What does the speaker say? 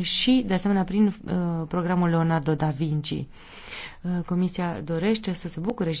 și, de asemenea, prin uh, programul Leonardo da Vinci. Uh, Comisia dorește să se bucure și